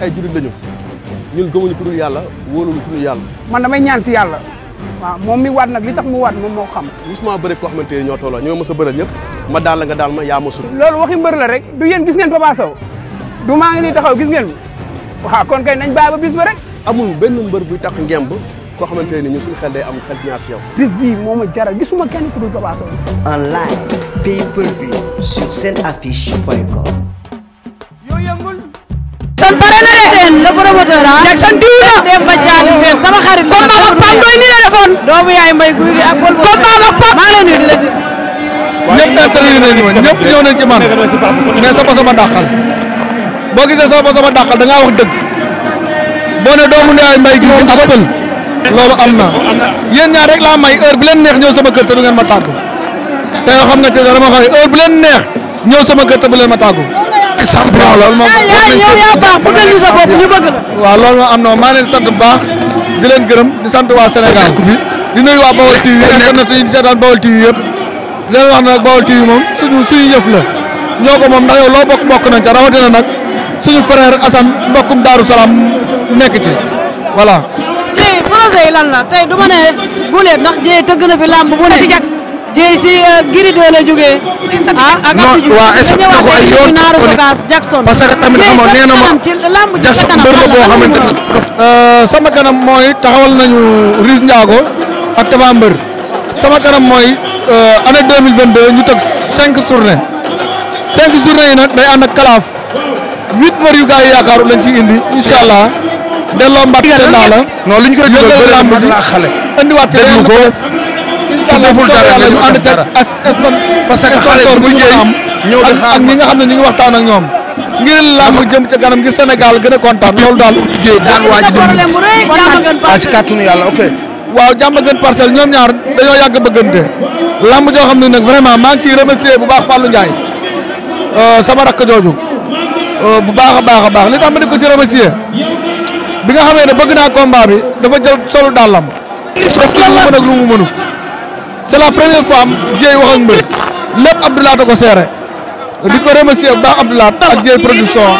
ay jullit lañu ñun gëmuñu ku dul yàlla wóoluñu ku dul yàlla. man damay ñaan si yàlla. waaw moom mi waat nag li tax mu waat moom moo xam. gisuma bëri koo xamante ne ñoo tolloo ñoo mës a bëral ñëpp ma daal la nga daal ma yaa ma sut. loolu waxi mbër la rek gis ngeen Papa Sow kon kay nañ bàyyi ba bis ba rek. amul benn mbër buy tax ngemb koo xamante ne ñun suñu xel day am xel ñaar si yow. bis bii moo ma jaral gisuma kenn ku dul Papa Sow. en live pay per view sur seen affiche yëngul. seen le promoteur ah. ba jaali seen sama xarit la. comme maam ak Pape Ndoye nii la defoon. doomu mbay guy gi ak Paul Mbow. comme maam ak Pape maa leen nuyu di la si. ñëpp interview nañ ma ñëpp ñëw nañ ci man mais sa boso ma dàqal boo gisee sa boso ma dàqal da ngaa dëgg boo ne doomu yaay mbay guy gi ak Paul loolu am na yéen ñaar rek laa may heure bu leen neex sa sama kër te du ngeen ma tàggu te yoo xam nga te dama xëy heure bu leen neex ñëw sama kër te bu leen ma tàggu champion waaw loolu moom yow yaa baax bëggal ñu sa bopp ñu bëgg la. waaw loolu moom am na maa leen sant bu baax di leen gërëm di sant waa Sénégal ku fi di nuyu waa Baol TV internet yi di seetaan Baol TV yëpp di leen wax nag Baol TV moom suñu suñu yëf la ñoo ko moom ndax yow loo bokk bokk nañ ca na nag suñu frère Assane mbokkum Daaru Salaam nekk ci voilà. tey projet yi la tey du ma ne bu ndax jéey tëgg na fi làmb bu ne. jëy si euh, Gris 2 la jógee. ah ak ah, est-ce que ko ay yoon Jackson. parce que tamit xam nga nee na ma Jackson mbër la boo xamante ne euh, sama kanam mooy taxawal nañu Riis Ndiago ak Tafa Mbër sama kanam mooy euh, année 2022 ñu teg 5 journée 5 journée yi nag day ànd ak kalaaf 8 mbër yu gars yi yaakaaru lañ ciy indi incha allah delloo mbaat te naa la. non li ñu koy jógee bëri na xale. indiwaat te ko su deful dara nga jox ak ñi nga xam ne ñu ngi waxtaan ak ñoom. ngir làmb jëm ca kanam ngir Sénégal gën a kontaan loolu daal. liggéey daan waa ji dem ci kàttanu yàlla ok. waaw jàmm gën parcelle ñoom ñaar dañoo yàgg bëggante làmb joo xam ne nag vraiment maa ngi ciy remercier bu baax Fallou Ndiaye euh, sama rakk jooju euh, bu baax a baax a baax li tax ma di ko ci remercier bi nga xamee ne bëgg naa combat bi dafa jël solu dàllam def ci lu mu mën ak c'est la première fois am Dieye wax mbër lépp Abdoulaye ko seere di ko remercier bu baax Abdoulaye ak Dieye production.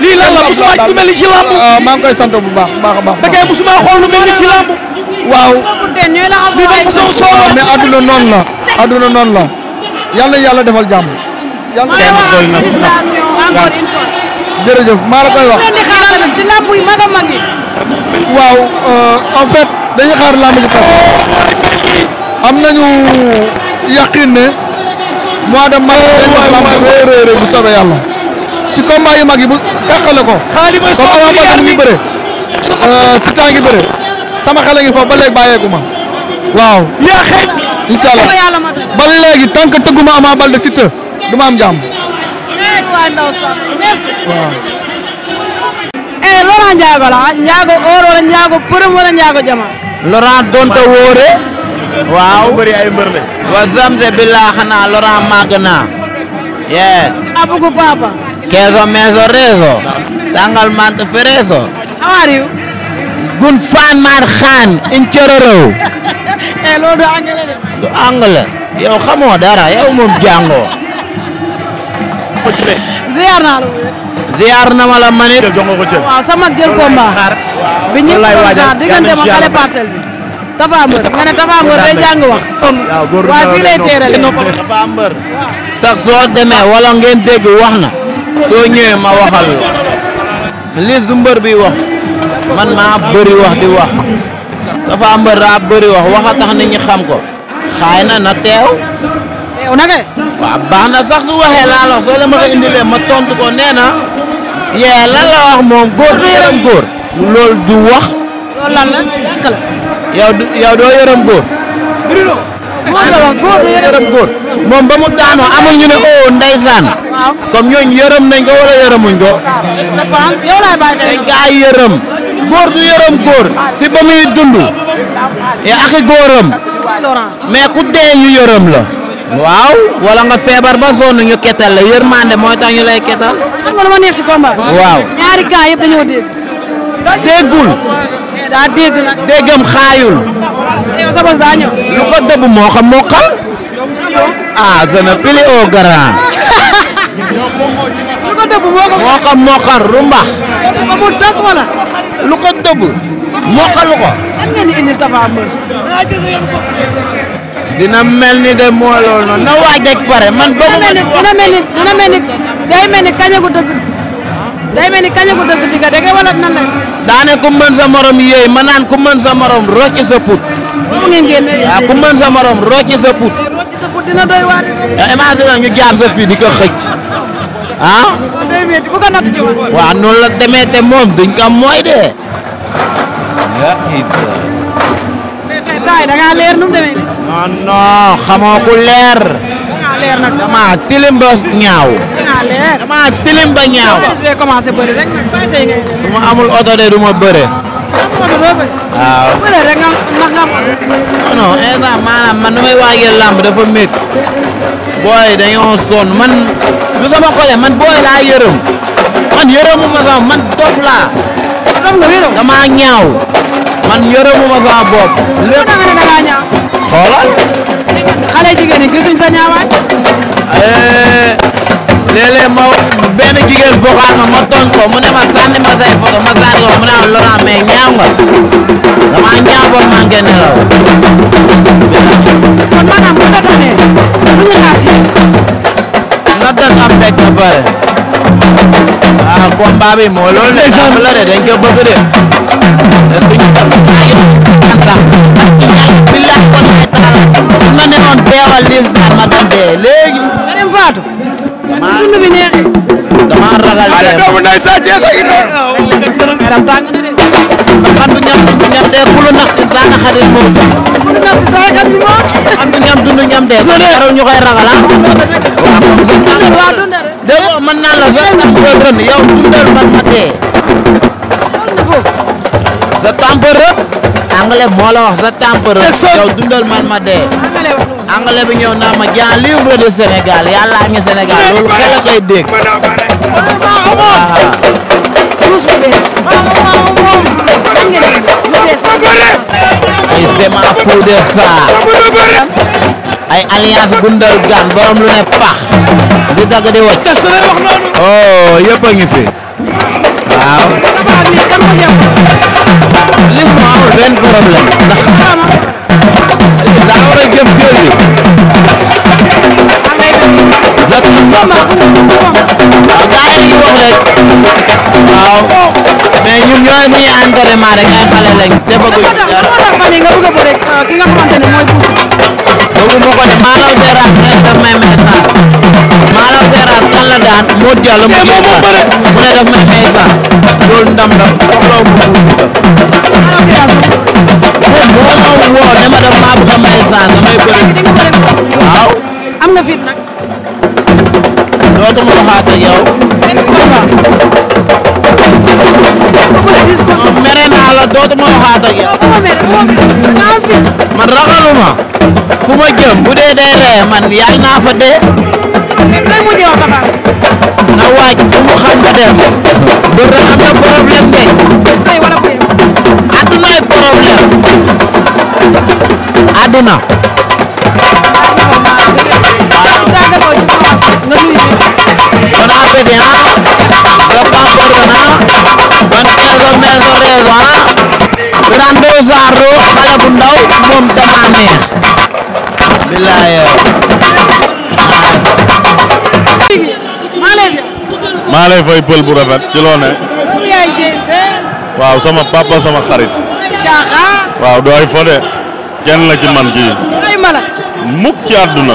lii lan ah, maa ngi koy sant bu baax baax a baax. da ngay musuma xool lu mel ni ci lamb. waaw lii dafa façon soo mais adduna noonu la adduna noonu la yàlla yàlla defal jàmm. yàlla na encore une fois. jërëjëf maa la am nañu yaqin ne mois de mars eh, réeré bu soobee yàlla ci combat yu mag yi bu tàqale ko comme avant ba mu ngi bëre si euh, temps bëre sama xale foofu ba léegi bàyyeeku ma waaw incha allah ba léegi tant que tëgguma Ama Baldé Siteu du ma am jàmm eh, waaw eh Laurent Ndiago la Ndiago or wala Ndiago përëm wala Ndiago jama Laurent doon ta waaw bëri ay mbër lañ. wa zamze billah xanaa Laurent màgg naa. yee. abugu papa. keeso meeso reeso. tàngal mant fereeso. gun fan maar xaan in cërërëw. eh loolu du anglais dara yow moom jàngoo. ziar na ma manit. jël sama jël combat. bi ñëpp doon xaar diggante ma xale parcelle bi. Tapha sax soo demee wala ngeen dégg wax na soo ñëwee ma waxal la Liss du mbër bi wax man maa bëri wax di wax Tapha Mbeur daa bëri wax waxa tax nit ñi ko xaay na na teew. teew na na sax su waxee laa la wax soo leen ma ko indilee ma tontu ko nee na yee lan la wax moom góor du yaram góor. loolu du wax. yow du yow doo yërëm góor. góor yërëm góor. moom ba mu daanoo amul ne oo oh, ndeysaan. waaw comme yërëm nañ ko wala yërëmuñ ko. yow laay bàyyi gaay yërëm. góor du yërëm góor. si ba muy dund. ya axi góoram. mais ku dee ñu yërëm la. waaw wala nga feebar ba sonn ñu ketal la yërmande mooy tax ñu lay waaw ñaari gaa daa dégg nag. déggam xaayul. Eh, yow sa bos daa ñëw. lu ko dëbb moo xam moo xam. ah zana pili au grand. lu ko dëbb moo xam moo xam moo xam rumbax. amul tas wala. lu ko dëbb. moo xam lu ko. lan ngeen di indil Tapha Mbeur. dina mel ni de moo loolu noonu. na waaj rek pare man. bëggu ma dina mel ni dina mel ni day mel ni kañ gu dëgg. day mel daane ku mën morom yooyu ma naan ku mën morom rocci sa put. ku mën morom rocci sa put. rocci eh, ñu jaar sa di ko xëcc. ah. day métti la demee te moom duñ ko mooy de. yaa ngi leer nu mu demee. non xamoo ku leer. leer nag damaa tilim ba ñaaw. damaa amul oto de du ma bëre. waaw. non non instant maanaam man damay waajal làmb dafa métti. booy dañoo sonn man du sama côté man booy laa yërëm. man yërëmu ma sama man dof laa. ñaaw. man yërëmu ma sama bopp. lépp xoolal. xale jigéen ñi gisuñ sa ñaawaay. Eh, ma benn jigéen vocal ma ma tontu ko mu ne ma sànni ma say photo ma sànni ko mu ne am Laurent mais ñaaw nga dama ñaaw ba man ngeen ah, moo loolu de. la de dañ ko bëgg de. teewal liis daar ma dem dee léegi. nga dem faatu. damaa dund bi neexee. damaa ragal dee ma. doomu ndey Sa Thiès ak i noonu. yaram tàng na de. ba xam du ñam dund ñam dee kulu nax si saa na xarit moom. kulu nax si saa xarit moom. xam du ñam dund ñam dee. dara ñu koy ragal ah. waaw moom sax naa la. waaw dund rek. dégg nga mën naa la sax sax ko rënd yow dundal man ma dee. sa tempore. anglais moo la wax sa tempore. yow dundal man ma dee. anglais bi ñëw naa ma Dia livre de Sénégal yàlla ngi Sénégal loolu xel a koy dégg. tuus bu bees. ay Sema Fodé ay alliance Gundal Gan borom lu ne pax. di dagg di wëcc. oh yëpp a ngi fi. daa war a jëf jël zat waaw gaa yi ngi wax rek waaw mais ñun ñoo ñuy entraînement rek ay xale lañ defaguñu dara nga bëgg a euh, ki nga xamante ne mooy buus bëgguma ko de maalaw seeraas rek daf may message maalaw seeraas kan la daan moo jàll mu ne daf may message loolu ndam la soxlawu woo ne ma dama bëgg a may sax damay bëri. waaw. am nga fit nag. dootuma waxaat ak man ragaluma. fu ma jëm bu dee dee ree man yàlla naa fa dee. na waaj fu mu xam nga dem. maa lay fay pël bu rafet ci loo ne. waaw sama papa sama xarit. waaw dooy fo de kenn la ci man kii. mukk ci àdduna.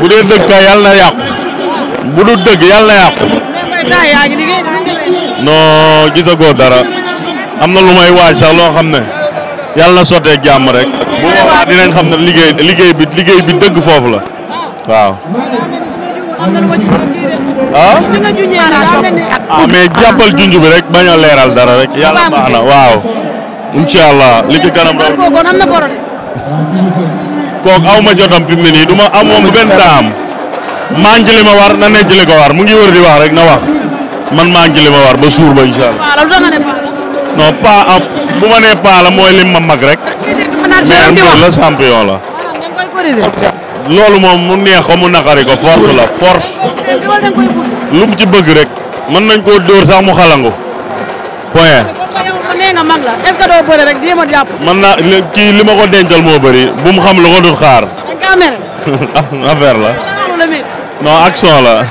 bu dee dëgg kay yàlla na yàqu. bu du dëgg yàlla na yàqu. non gisagoo dara. am na lu may waaj sax loo xam ne. yàlla na sottee jàmm rek. bu dinañ xam ne liggéey liggéey bi liggéey bi dëgg foofu la. waaw. Ah? ah ah mais ah. bi rek bañ leeral dara rek yàlla baax waaw. incha allah li ci kanam rek kooku aw ma jotam fi mu ne nii du ma amoon benn taam. maa njëli ma war na ne ko war mu ngi wër di wax rek na wax man maa njëli ma war ba suur ba incha allah. non am ah, bu ma nee paa mooy lim ma mag rek. mais la champion loolu moom mu neex ko mu naqari ko force la force. lu mu ci bëgg rek. mën nañ koo dóor sax mu xalangu. point. nee nga kii li ma ko dencal moo bëri bu mu xam lu ko dul xaar. Ah, affaire la. non action la.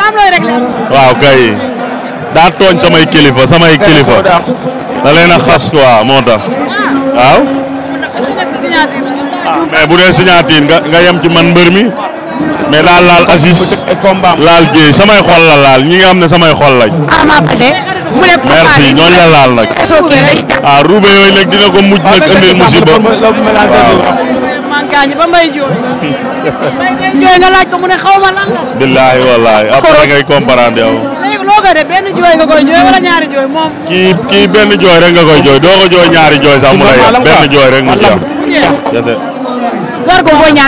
waaw kay. daa tooñ samay kilifa samay kilifa. da leen xas quoi moo tax. Ah. waaw. mais bu dee signature nga nga yem ci man mbër mi mais laal laal Aziz laal Dieye samay xol la laal ñi nga xam ne samay xol lañ. merci ñooñu la laal nag. ah ruube yooyu nag dina ko mujj nag indil musiba gaañu ba may jooy. jooy nga laaj mu ne xaw ma lan la. billaahi wallaahi après benn jooy rek nga koy jooy doo jooy ñaari jooy sax mu lay benn jooy rek mu jeex. Zarko Boy na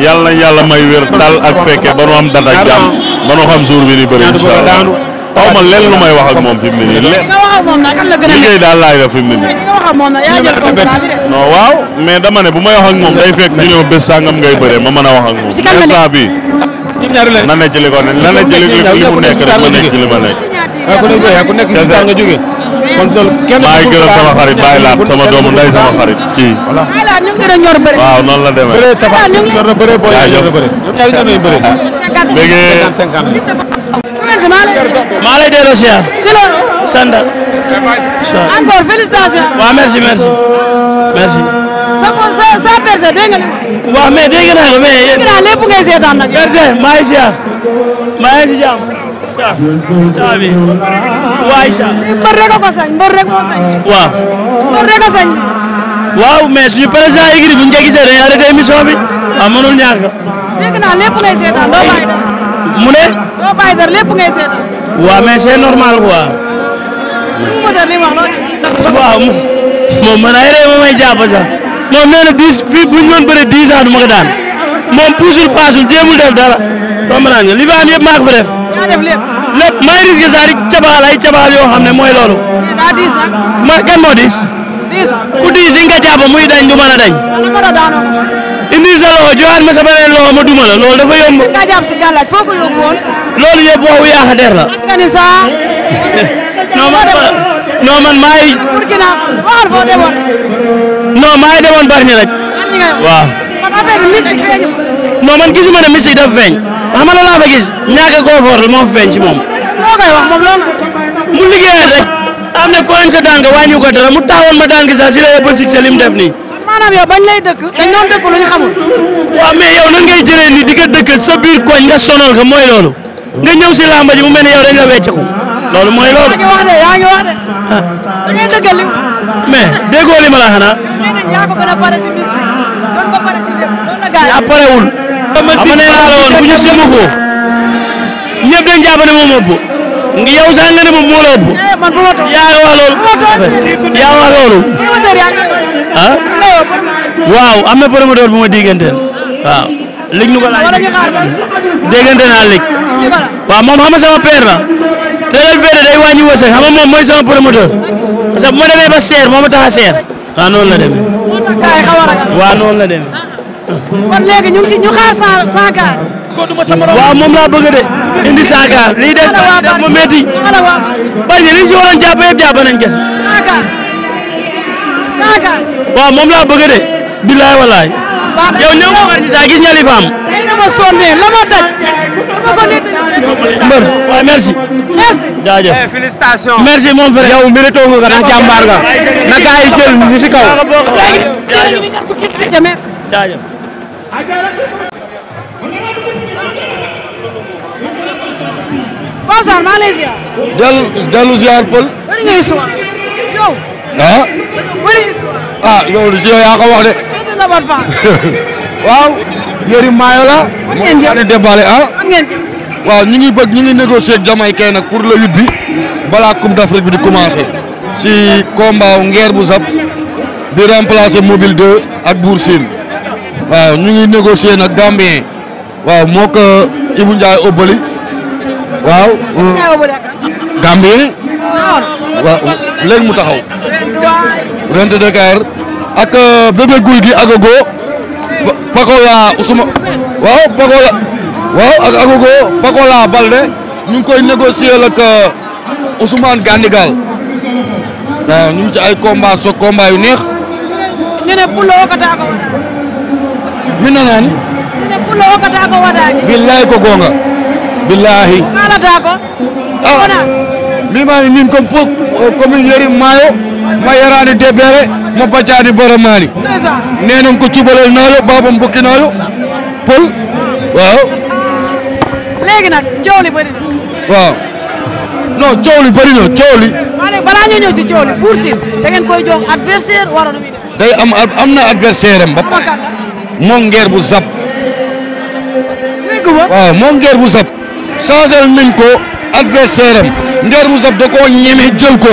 yàlla na yàlla may wér daal ak fekke ba nu am data ak ba nu xam jour bi ni bëri incha allah ma leen lu may wax ak moom fi nii. nga liggéey daal laay def fi mu ne nii. nga wax waaw mais dama ne bu may wax ak moom day fekk ñu ne ma bés sangam ngay bëree ma mën a wax ak moom. si kan la nekk bi. na ne ci li ko ne na ne ci li mu nekk rek ma nekk ci li ma nekk. waaye ah, ah, ku nekk ku a ñor na bëri booy ñor na bëri ñëpp ñor na bëri léegi maa ci loolu sant sa sa perse dégg nga waaw naa ko mais dégg naa lépp ngay seetaan nag perse maa ngi saa saa bi waay saa. mbër rek a ko sañ mbër rek a ah, normal quoi. mu moom man ay réew mi may jàpp sax moom nee na dix fii bu ñu mën bëre ans du moom puusul paasul jéemul def dara. comprendre nga li fi am yëpp maa fa def. yaa def lépp lépp cabaal ay cabaal yoo xam ne mooy loolu. daa diis ma kan moo diis. diis ku diis yi nga muy dañ du mën a dañ. indi sa loxo joxaat ma sa beneen loxo ma duma la loolu dafa yomb. si gàllaaj foo ko yóbbu woon. loolu yëpp waxu yaaxa der la. nga ni sa. non man non man maa ngi. Burkina waxal foo demoon. non rek. waaw. non man gisuma ne mystique dafa feeñ xam nga laa gis ñàkk a confort ma fa feeñ ci moom. loo koy wax moom loolu. mu liggéeyaat rek am ne koyoon sa daan nga wàññi ko dara mu taawoon ma daan gi a si la yëpp a succès li mu def nii. maanaam yow bañ lay dëkk dañ doon dëkk jëlee ni di nga dëkk sa biir koñ nga sonal ko mooy loolu nga ñëw si làmba mu mel ne dañ la wecceku loolu mooy loolu. yaa ngi wax de yaa ngi wax de. Ah. da ngay ma la xanaa. yaa a yaa parewul. xam ne la woon bu ñu simb ko. ñëpp dañ ne moom ëpp. ngi yow sax ne moom moo la ëpp. yaa eh, wax yaa wax loolu. Ah? waaw am na bu ma digganteel. waaw. léegi ñu ko laaj déggante a léegi. waaw moom xam nga sama père la. te leen fee day wàññi wërsëg xam nga moom mooy sama promoteur. parce bu ma demee ba seer moo ma seer. waaw ah, noonu la demee. waaw noonu la demee. kon léegi ñu ngi ñu xaar saakaar. ko duma laa bëgg de. indi saakaar liy def def ma métti. bari na li si waroon jàpp yëpp jàpp nañ saakaar. saakaar. waaw laa bëgg de. bilaay walaay. yow ñëw nga merci. merci jaajëf eh, félicitations. merci mon frère na gaa yi jël si kaw. jaajëf. ah. bëri histoire. ah wax de. la waaw. Yérim Mayo la. fan ngeen jëm ah. waaw ñu ngi bëgg ñu ngi négocier ak Jamaïcain nag pour le huit bi balaa Coupe d'Afrique bi di commencer. si combat ngeer bu sab di remplacer mobile 2 ak Bour waaw ñu ngi négocier nag Gambien waaw moo ko Ibou Ndiaye Obali waaw. Euh, Gambien. waaw mu taxaw. rente de Dakar. ak euh, bébé guy gi Agogo Pakola Ousmane waaw Pakola waaw ak Agogo Pakola Balde ñu ngi koy négocier ak euh, Ousmane Gandigal waaw euh, ñu ngi ci ay combat so combat yu neex. ñu Pulo Okata ko wadaani. mi na billahi ko gonga. billahi. Ah, mi maa ngi niin comme comme yëri ma yaraani debbeere ma baccaani boromaani nee nañ ko cubalal nooyu baabam bukki nooyu pël waaw léegi nag coow li na waaw non coow li bëri na coow li balaa ñuy ñëw ci coow da ngeen koy jox adversaire wara day am am na adversaire am ba moom ngeer bu zap waaw moom ngeer bu zap changé nañ ko adversaire ngeer bu zap da ñeme jël ko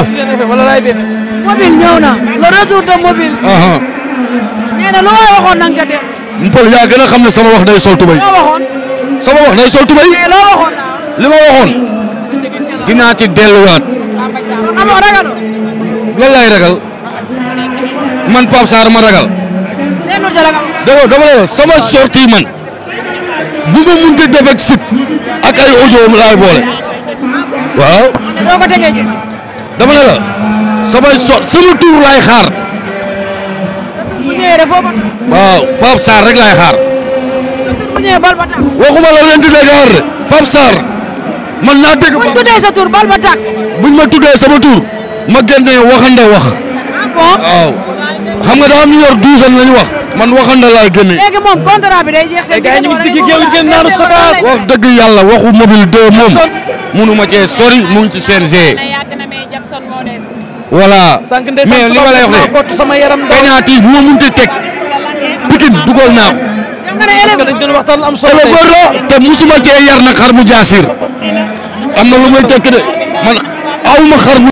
mobile ñëw na le retour de mobile. nee na lu waay waxoon na nga ca def. Mpël yaa gën a xam ne sama wax day sol tubay. sama wax day sol tubay. loo waxoon li ma waxoon. dinaa ci delluwaat. amoo ragal. lan laay ragal. man Pape Sarr ma ragal. déggoo dama la sama sortie man. bu ma mënut a def ak site. ak ay audio laay boole. waaw. dama ne la. samay sot sama tuur laay xaar. waaw Pape Sarr rek laay xaar. waxuma la leen tuddee gawar de Pape Sarr man naa dégg. buñ tuddee sa tur bal ba tàkk. ma tuddee sama tur ma génnee waxande wax. waaw xam nga daa am yor duusan lañu wax. man waxande laa génne. léegi moom contrat bi day jeex seen diggante wala ñu wax wax dëgg yàlla waxu mobile 2 moom. munu ma cee sori mu ci seen CNG. voilà mais li ma lay wax de sama yaram penalty bu ma mënta teg Pikine naa ko. parce que dañ doon waxtaan am solo te musuma cee yar nag xar mu jaasir am lu may tekk de man aw ma xar mu